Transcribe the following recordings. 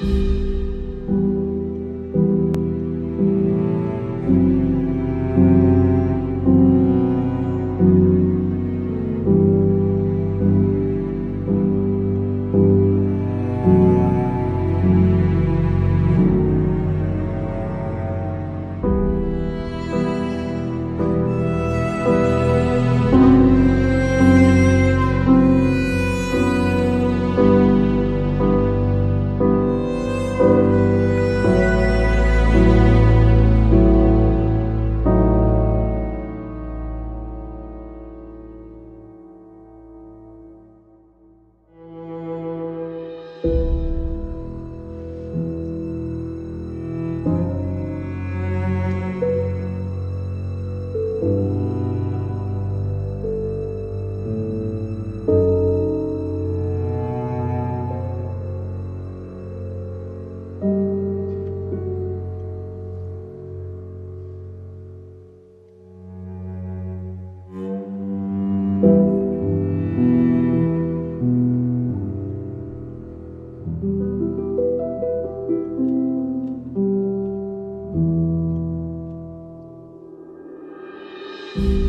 Música thank you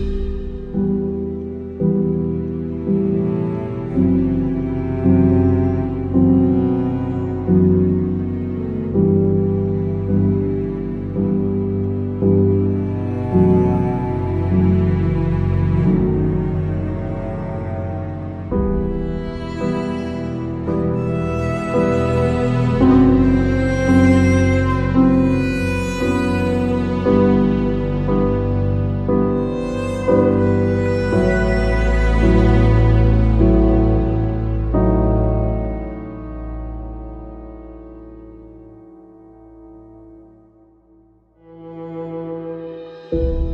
Thank you.